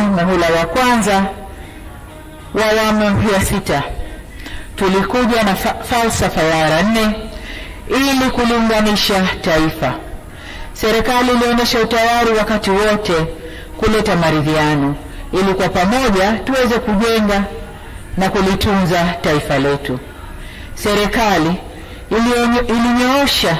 muhula wa kwanza wa awamu ya sita tulikuja na fa falsafa ya nne ili kuliunganisha taifa. Serikali ilionyesha utayari wakati wote kuleta maridhiano ili kwa pamoja tuweze kujenga na kulitunza taifa letu. Serikali ilinyoosha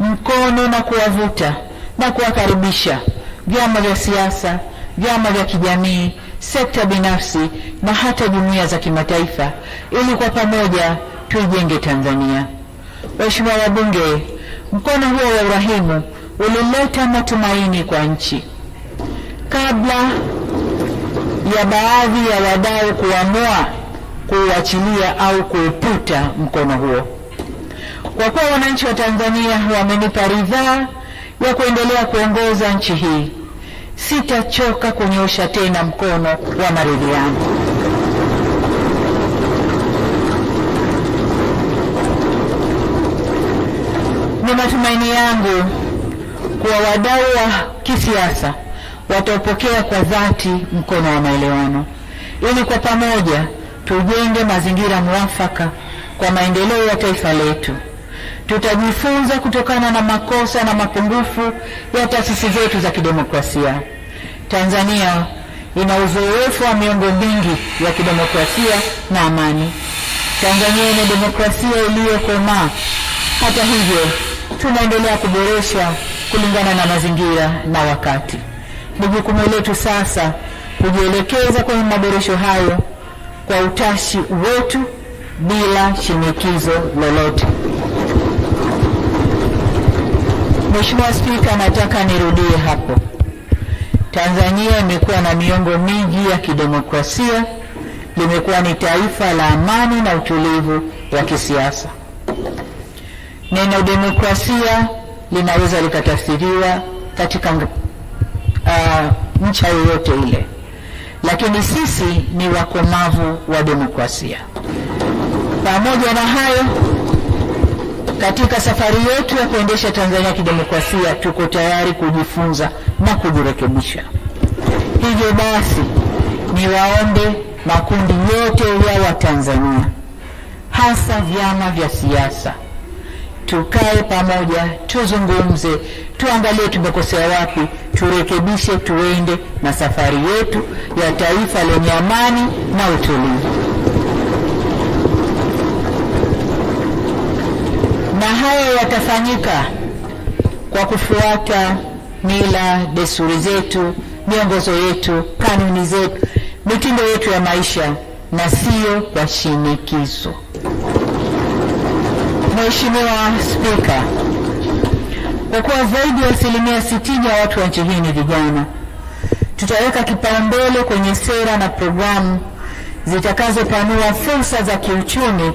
mkono na kuwavuta na kuwakaribisha vyama vya siasa vyama vya kijamii, sekta binafsi na hata jumuiya za kimataifa ili kwa pamoja tuijenge Tanzania. Waheshimiwa wabunge, mkono huo wa urahimu ulileta matumaini kwa nchi kabla ya baadhi ya wadau kuamua kuuachilia au kuuputa mkono huo. Kwa kuwa wananchi wa Tanzania wamenipa ridhaa ya kuendelea kuongoza nchi hii sitachoka kunyosha tena mkono wa maridhiano. Ni matumaini yangu kuwa wadau wa kisiasa wataupokea kwa dhati mkono wa maelewano ili kwa pamoja tujenge mazingira mwafaka kwa maendeleo ya taifa letu. Tutajifunza kutokana na makosa na mapungufu ya taasisi zetu za kidemokrasia. Tanzania ina uzoefu wa miongo mingi ya kidemokrasia na amani. Tanzania ina demokrasia iliyokomaa. Hata hivyo, tunaendelea kuboresha kulingana na mazingira na wakati. Ni jukumu letu sasa kujielekeza kwenye maboresho hayo kwa utashi wetu bila shinikizo lolote. Mheshimiwa Spika, nataka nirudie hapo. Tanzania imekuwa na miongo mingi ya kidemokrasia, limekuwa ni taifa la amani na utulivu wa kisiasa. Neno demokrasia linaweza likatafsiriwa katika uh, ncha yoyote ile, lakini sisi ni wakomavu wa demokrasia. Pamoja na hayo katika safari yetu ya kuendesha Tanzania ya kidemokrasia, tuko tayari kujifunza na kujirekebisha. Hivyo basi, niwaombe makundi yote ya Watanzania, hasa vyama vya siasa, tukae pamoja, tuzungumze, tuangalie tumekosea wapi, turekebishe, tuende na safari yetu ya taifa lenye amani na utulivu. hayo yatafanyika kwa kufuata mila, desturi zetu, miongozo yetu, kanuni zetu, mitindo yetu ya maisha na sio kwa shinikizo. Mheshimiwa Spika, kwa kuwa zaidi ya asilimia sitini ya watu wa nchi hii ni vijana, tutaweka kipaumbele kwenye sera na programu zitakazopanua fursa za kiuchumi